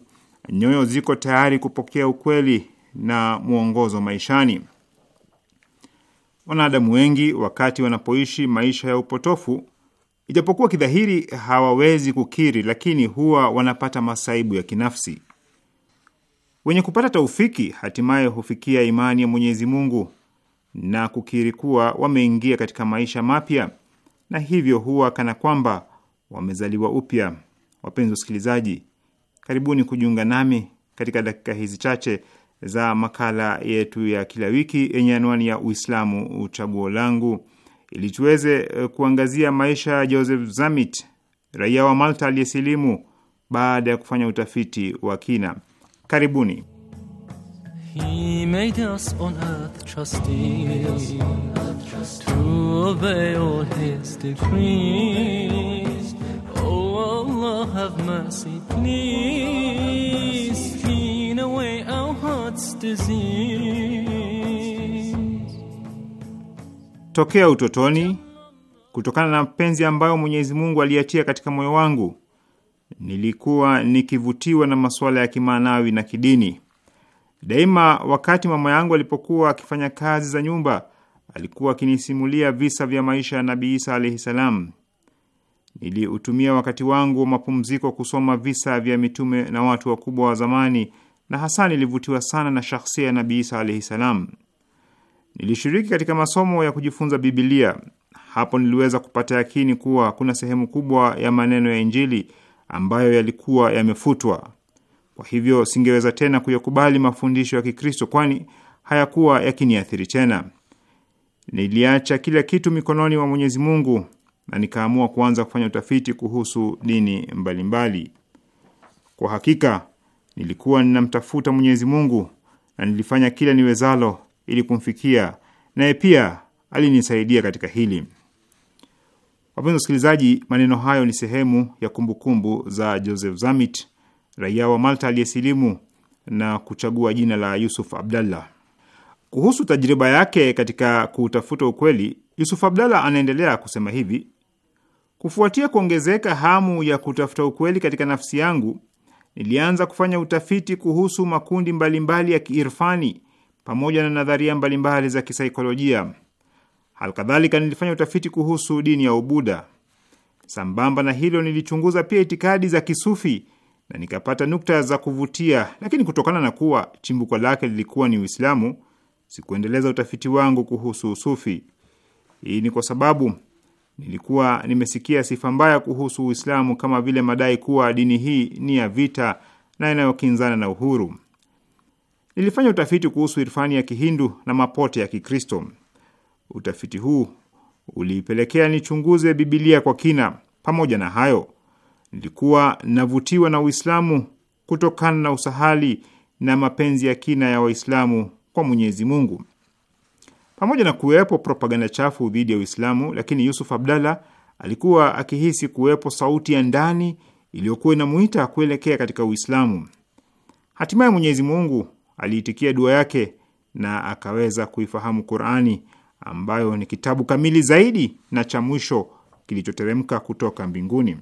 nyoyo ziko tayari kupokea ukweli na mwongozo maishani. Wanadamu wengi wakati wanapoishi maisha ya upotofu, ijapokuwa kidhahiri hawawezi kukiri, lakini huwa wanapata masaibu ya kinafsi. Wenye kupata taufiki hatimaye hufikia imani ya Mwenyezi Mungu na kukiri kuwa wameingia katika maisha mapya na hivyo huwa kana kwamba wamezaliwa upya. Wapenzi wasikilizaji, karibuni kujiunga nami katika dakika hizi chache za makala yetu ya kila wiki yenye anwani ya Uislamu uchaguo langu, ili tuweze eh, kuangazia maisha ya Joseph Zamit, raia wa Malta aliyesilimu baada ya kufanya utafiti wa kina. Karibuni. Tokea utotoni, kutokana na mapenzi ambayo mwenyezimungu Mungu katika moyo wangu nilikuwa nikivutiwa na masuala ya kimaanawi na kidini. Daima wakati mama yangu alipokuwa akifanya kazi za nyumba, alikuwa akinisimulia visa vya maisha ya Nabii Isa alaihi salam. Niliutumia wakati wangu wa mapumziko kusoma visa vya mitume na watu wakubwa wa zamani, na hasa nilivutiwa sana na shakhsia ya Nabii Isa alaihi salam. Nilishiriki katika masomo ya kujifunza Bibilia. Hapo niliweza kupata yakini kuwa kuna sehemu kubwa ya maneno ya Injili ambayo yalikuwa yamefutwa. Kwa hivyo singeweza tena kuyakubali mafundisho ya Kikristo, kwani hayakuwa yakiniathiri tena. Niliacha kila kitu mikononi mwa Mwenyezi Mungu na nikaamua kuanza kufanya utafiti kuhusu dini mbalimbali mbali. Kwa hakika nilikuwa ninamtafuta Mwenyezi Mungu na nilifanya kila niwezalo ili kumfikia, naye pia alinisaidia katika hili. Wapenzi wasikilizaji, maneno hayo ni sehemu ya kumbukumbu kumbu za Joseph Zamit, raia wa Malta aliyesilimu na kuchagua jina la Yusuf Abdallah. Kuhusu tajriba yake katika kutafuta ukweli, Yusuf Abdallah anaendelea kusema hivi: kufuatia kuongezeka hamu ya kutafuta ukweli katika nafsi yangu, nilianza kufanya utafiti kuhusu makundi mbalimbali mbali ya kiirfani pamoja na nadharia mbalimbali mbali za kisaikolojia. Alkadhalika, nilifanya utafiti kuhusu dini ya Ubuda. Sambamba na hilo, nilichunguza pia itikadi za Kisufi na nikapata nukta za kuvutia, lakini kutokana na kuwa chimbuko lake lilikuwa ni Uislamu, sikuendeleza utafiti wangu kuhusu Usufi. Hii ni kwa sababu nilikuwa nimesikia sifa mbaya kuhusu Uislamu kama vile madai kuwa dini hii ni ya vita na inayokinzana na uhuru. Nilifanya utafiti kuhusu irfani ya Kihindu na mapote ya Kikristo. Utafiti huu uliipelekea nichunguze Bibilia kwa kina. Pamoja na hayo, nilikuwa navutiwa na Uislamu kutokana na usahali na mapenzi ya kina ya Waislamu kwa Mwenyezi Mungu. Pamoja na kuwepo propaganda chafu dhidi ya Uislamu, lakini Yusuf Abdalla alikuwa akihisi kuwepo sauti ya ndani iliyokuwa inamuita kuelekea katika Uislamu. Hatimaye Mwenyezi Mungu aliitikia dua yake na akaweza kuifahamu Qur'ani ambayo ni kitabu kamili zaidi na cha mwisho kilichoteremka kutoka mbinguni.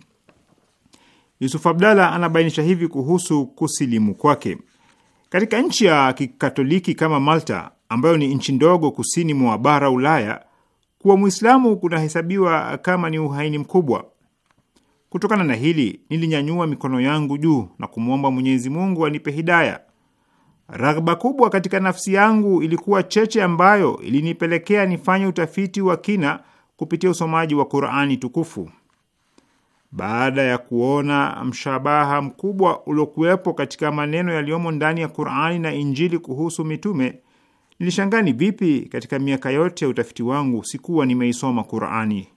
Yusuf Abdala anabainisha hivi kuhusu kusilimu kwake. Katika nchi ya kikatoliki kama Malta, ambayo ni nchi ndogo kusini mwa bara Ulaya, kuwa Mwislamu kunahesabiwa kama ni uhaini mkubwa. Kutokana na hili, nilinyanyua mikono yangu juu na kumwomba Mwenyezi Mungu anipe hidaya. Raghba kubwa katika nafsi yangu ilikuwa cheche ambayo ilinipelekea nifanye utafiti wa kina kupitia usomaji wa Qur'ani tukufu. Baada ya kuona mshabaha mkubwa uliokuwepo katika maneno yaliyomo ndani ya Qur'ani na Injili kuhusu mitume, nilishangaa ni vipi katika miaka yote ya utafiti wangu sikuwa nimeisoma Qur'ani.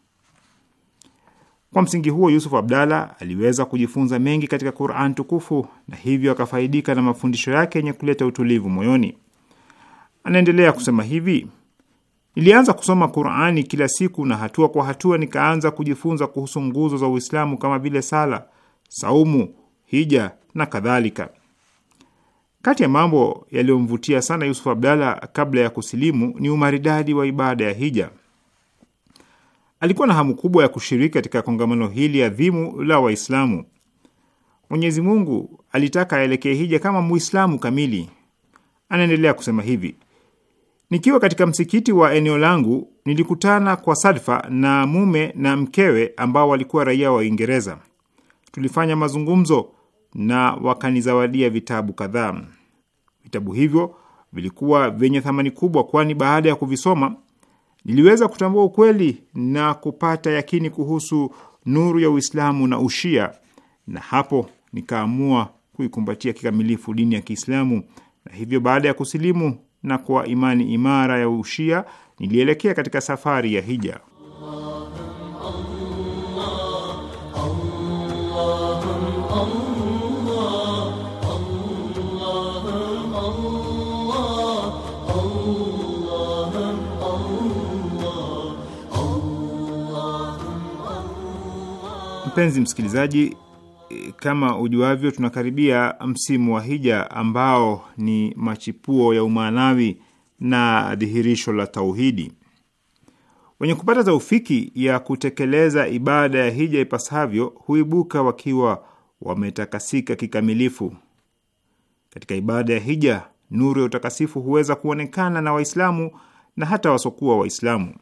Kwa msingi huo, Yusuf Abdalla aliweza kujifunza mengi katika Quran tukufu na hivyo akafaidika na mafundisho yake yenye kuleta utulivu moyoni. Anaendelea kusema hivi: Nilianza kusoma Qurani kila siku na hatua kwa hatua nikaanza kujifunza kuhusu nguzo za Uislamu kama vile sala, saumu, hija na kadhalika. Kati ya mambo yaliyomvutia sana Yusuf Abdalla kabla ya kusilimu ni umaridadi wa ibada ya hija. Alikuwa na hamu kubwa ya kushiriki katika kongamano hili adhimu la Waislamu. Mwenyezi Mungu alitaka aelekee hija kama Muislamu kamili. Anaendelea kusema hivi: nikiwa katika msikiti wa eneo langu nilikutana kwa sadfa na mume na mkewe ambao walikuwa raia wa Uingereza. Tulifanya mazungumzo na wakanizawadia vitabu kadhaa. Vitabu hivyo vilikuwa vyenye thamani kubwa, kwani baada ya kuvisoma Niliweza kutambua ukweli na kupata yakini kuhusu nuru ya Uislamu na Ushia, na hapo nikaamua kuikumbatia kikamilifu dini ya Kiislamu. Na hivyo baada ya kusilimu na kwa imani imara ya Ushia, nilielekea katika safari ya hija. Mpenzi msikilizaji, kama ujuavyo, tunakaribia msimu wa hija ambao ni machipuo ya umaanawi na dhihirisho la tauhidi. Wenye kupata taufiki ya kutekeleza ibada ya hija ipasavyo huibuka wakiwa wametakasika kikamilifu. Katika ibada ya hija, nuru ya utakasifu huweza kuonekana na Waislamu na hata wasokuwa Waislamu.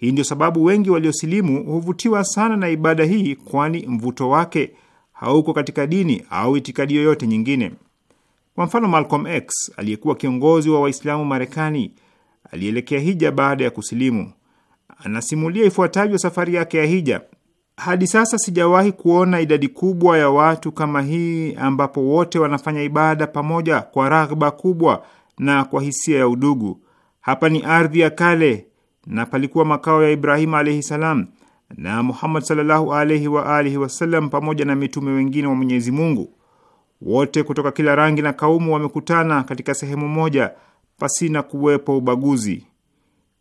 Hii ndio sababu wengi waliosilimu huvutiwa sana na ibada hii, kwani mvuto wake hauko katika dini au itikadi yoyote nyingine. Kwa mfano, Malcolm X aliyekuwa kiongozi wa Waislamu Marekani alielekea hija baada ya kusilimu. Anasimulia ifuatavyo safari yake ya hija: hadi sasa sijawahi kuona idadi kubwa ya watu kama hii, ambapo wote wanafanya ibada pamoja kwa raghba kubwa na kwa hisia ya udugu. Hapa ni ardhi ya kale na palikuwa makao ya Ibrahimu alaihi salam na Muhammad sallallahu alaihi wa alihi wasallam pamoja na mitume wengine wa Mwenyezi Mungu. Wote kutoka kila rangi na kaumu wamekutana katika sehemu moja pasina kuwepo ubaguzi.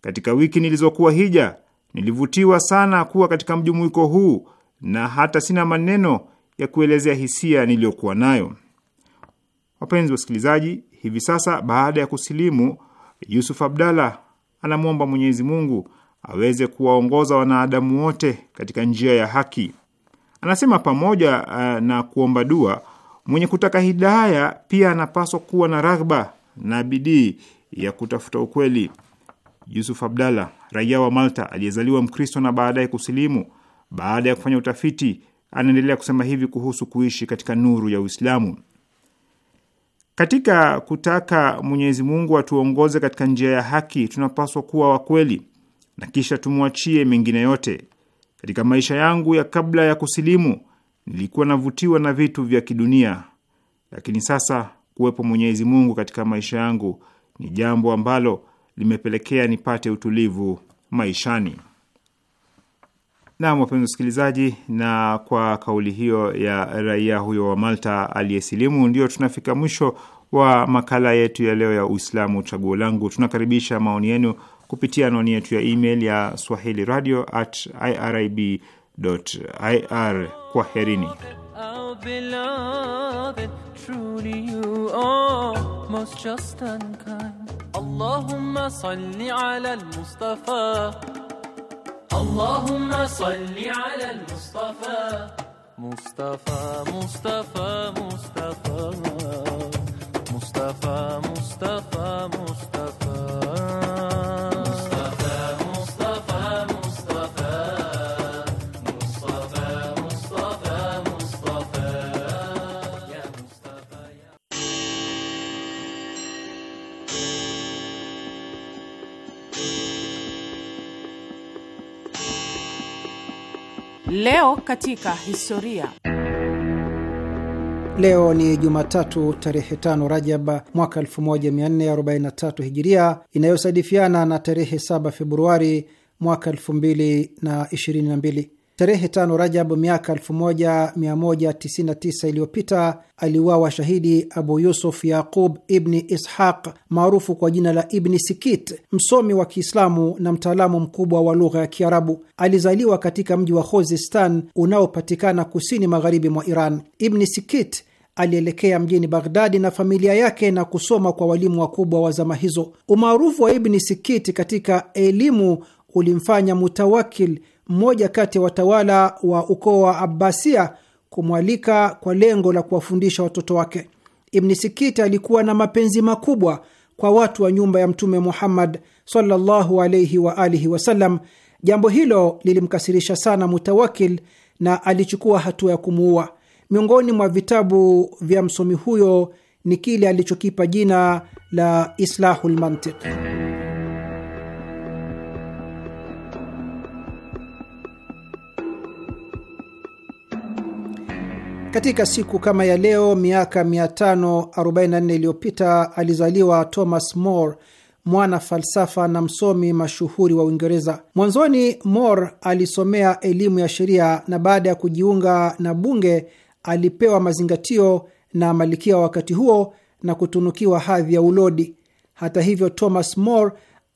Katika wiki nilizokuwa hija, nilivutiwa sana kuwa katika mjumuiko huu na hata sina maneno ya kuelezea hisia niliyokuwa nayo. Wapenzi wasikilizaji, hivi sasa baada ya kusilimu Yusuf Abdalla anamwomba Mwenyezi Mungu aweze kuwaongoza wanadamu wote katika njia ya haki. Anasema pamoja uh, na kuomba dua, mwenye kutaka hidaya pia anapaswa kuwa na raghba na bidii ya kutafuta ukweli. Yusuf Abdalla, raia wa Malta aliyezaliwa Mkristo na baadaye kusilimu, baada ya kufanya utafiti, anaendelea kusema hivi kuhusu kuishi katika nuru ya Uislamu: katika kutaka Mwenyezi Mungu atuongoze katika njia ya haki, tunapaswa kuwa wakweli na kisha tumwachie mengine yote. Katika maisha yangu ya kabla ya kusilimu, nilikuwa navutiwa na vitu vya kidunia, lakini sasa kuwepo Mwenyezi Mungu katika maisha yangu ni jambo ambalo limepelekea nipate utulivu maishani. Naam, wapenzi wasikilizaji, na kwa kauli hiyo ya raia huyo wa Malta aliyesilimu, ndio tunafika mwisho wa makala yetu ya leo ya Uislamu Chaguo Langu. Tunakaribisha maoni yenu kupitia anwani yetu ya email ya swahili radio at irib ir. Kwaherini. اللهم صل على المصطفى مصطفى مصطفى مصطفى مصطفى مصطفى مصطفى Leo katika historia. Leo ni Jumatatu tarehe tano Rajab mwaka 1443 Hijiria, inayosadifiana na tarehe 7 Februari mwaka 2022. Tarehe tano Rajab miaka 1199 iliyopita aliuawa shahidi Abu Yusuf Yaqub Ibni Ishaq maarufu kwa jina la Ibni Sikit, msomi wa Kiislamu na mtaalamu mkubwa wa lugha ya Kiarabu. Alizaliwa katika mji wa Khuzistan unaopatikana kusini magharibi mwa Iran. Ibni Sikit alielekea mjini Baghdadi na familia yake na kusoma kwa walimu wakubwa wa zama hizo. Umaarufu wa Ibni sikit katika elimu ulimfanya Mutawakil mmoja kati ya watawala wa ukoo wa Abbasia kumwalika kwa lengo la kuwafundisha watoto wake. Ibni sikiti alikuwa na mapenzi makubwa kwa watu wa nyumba ya Mtume Muhammad sallallahu alaihi wa alihi wasallam. Jambo hilo lilimkasirisha sana Mutawakil na alichukua hatua ya kumuua. Miongoni mwa vitabu vya msomi huyo ni kile alichokipa jina la Islahul Mantiq. Katika siku kama ya leo miaka 544 iliyopita alizaliwa Thomas More, mwana falsafa na msomi mashuhuri wa Uingereza. Mwanzoni, More alisomea elimu ya sheria na baada ya kujiunga na bunge alipewa mazingatio na malikia wakati huo na kutunukiwa hadhi ya ulodi. Hata hivyo, Thomas More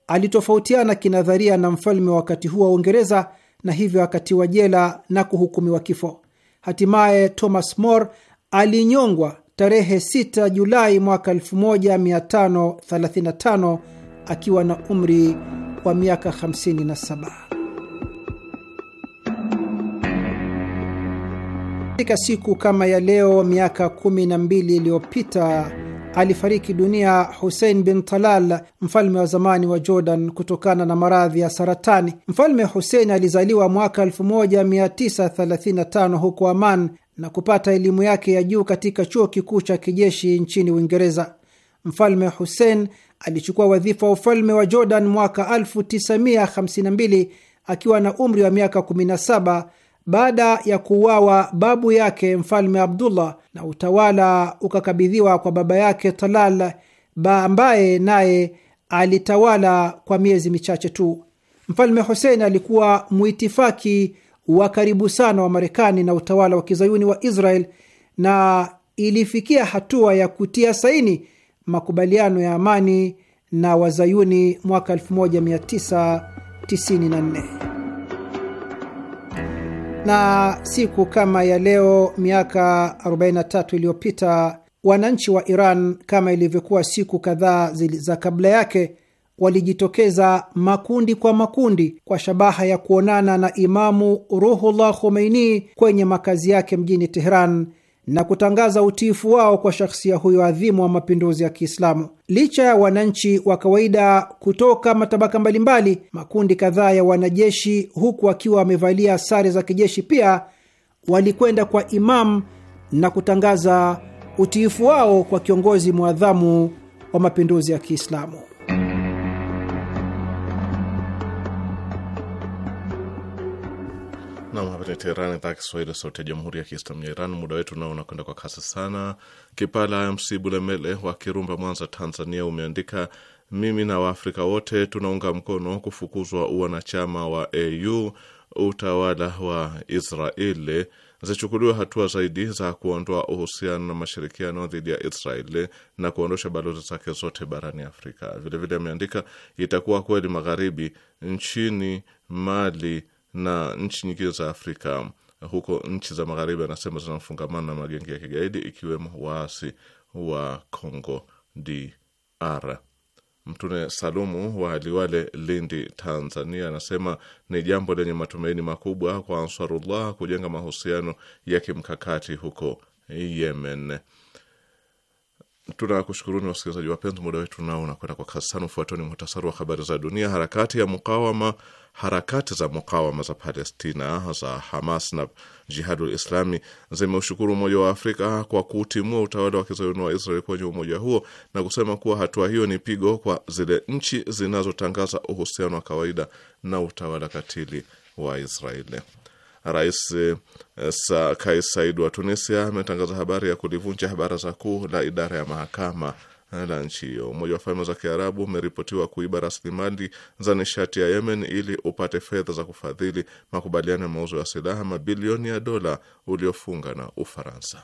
alitofautiana kinadharia na mfalme wa wakati huo wa Uingereza na hivyo akatiwa jela na kuhukumiwa kifo. Hatimaye Thomas More alinyongwa tarehe 6 Julai mwaka 1535 akiwa na umri wa miaka 57. Katika siku kama ya leo miaka 12 iliyopita alifariki dunia hussein bin Talal, mfalme wa zamani wa Jordan, kutokana na maradhi ya saratani. Mfalme Hussein alizaliwa mwaka 1935 huko Aman na kupata elimu yake ya juu katika chuo kikuu cha kijeshi nchini Uingereza. Mfalme Hussein alichukua wadhifa wa ufalme wa Jordan mwaka 1952 akiwa na umri wa miaka 17 baada ya kuuawa babu yake Mfalme Abdullah na utawala ukakabidhiwa kwa baba yake Talal ba ambaye naye alitawala kwa miezi michache tu. Mfalme Husein alikuwa mwitifaki wa karibu sana wa Marekani na utawala wa kizayuni wa Israel na ilifikia hatua ya kutia saini makubaliano ya amani na wazayuni mwaka 1994. Na siku kama ya leo miaka 43 iliyopita wananchi wa Iran, kama ilivyokuwa siku kadhaa za kabla yake, walijitokeza makundi kwa makundi kwa shabaha ya kuonana na Imamu Ruhullah Khomeini kwenye makazi yake mjini Teheran na kutangaza utiifu wao kwa shakhsia huyo adhimu wa mapinduzi ya Kiislamu. Licha ya wananchi wa kawaida kutoka matabaka mbalimbali, makundi kadhaa ya wanajeshi, huku wakiwa wamevalia sare za kijeshi, pia walikwenda kwa Imamu na kutangaza utiifu wao kwa kiongozi mwadhamu wa mapinduzi ya Kiislamu. Nam, hapa ni Teherani, idhaa Kiswahili, sauti ya jamhuri ya kiislamu ya Iran. Muda wetu nao unakwenda kwa kasi sana. Kipala MC Bulemele wa Kirumba, Mwanza, Tanzania, umeandika mimi na Waafrika wote tunaunga mkono kufukuzwa uwanachama wa AU utawala wa Israeli, zichukuliwe hatua zaidi za kuondoa uhusiano na mashirikiano dhidi ya Israeli na kuondosha balozi zake zote barani Afrika. Vilevile ameandika itakuwa kweli magharibi nchini Mali na nchi nyingine za Afrika huko nchi za magharibi, anasema zina mfungamano na magenge ya kigaidi ikiwemo waasi wa Congo DR. Mtune Salumu wa Liwale, Lindi, Tanzania, anasema ni jambo lenye matumaini makubwa kwa Ansarullah kujenga mahusiano ya kimkakati huko Yemen. Tunakushukuruni wasikilizaji wapenzi, muda wetu nao unakwenda kwa kasi sana. Ufuatoni muhtasari wa habari za dunia. Harakati ya mukawama, harakati za mukawama za Palestina za Hamas na Jihadul Islami zimeushukuru Umoja wa Afrika kwa kutimua utawala wa kizayuni wa Israeli kwenye umoja huo na kusema kuwa hatua hiyo ni pigo kwa zile nchi zinazotangaza uhusiano wa kawaida na utawala katili wa Israeli. Rais eh, sa Kais Said wa Tunisia ametangaza habari ya kulivunja baraza kuu la idara ya mahakama eh, la nchi hiyo. Umoja wa Falme za Kiarabu umeripotiwa kuiba rasilimali za nishati ya Yemen ili upate fedha za kufadhili makubaliano ya mauzo ya silaha mabilioni ya dola uliofunga na Ufaransa.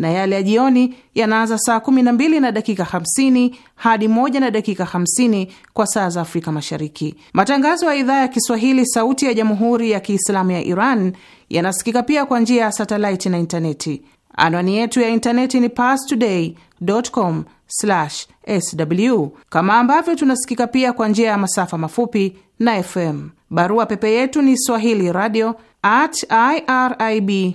na yale ya jioni yanaanza saa 12 na dakika 50 hadi moja na dakika 50 kwa saa za Afrika Mashariki. Matangazo ya idhaa ya Kiswahili sauti ya Jamhuri ya Kiislamu ya Iran yanasikika pia kwa njia ya satelaiti na intaneti. Anwani yetu ya intaneti ni parstoday.com/sw, kama ambavyo tunasikika pia kwa njia ya masafa mafupi na FM. Barua pepe yetu ni swahili radio at ir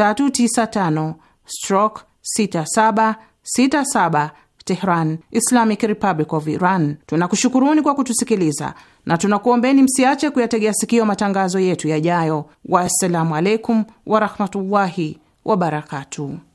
395 stroke 6767 Tehran, Islamic Republic of Iran. Tunakushukuruni kwa kutusikiliza na tunakuombeni msiache kuyategea sikio matangazo yetu yajayo. Wassalamu alaikum warahmatullahi wabarakatu.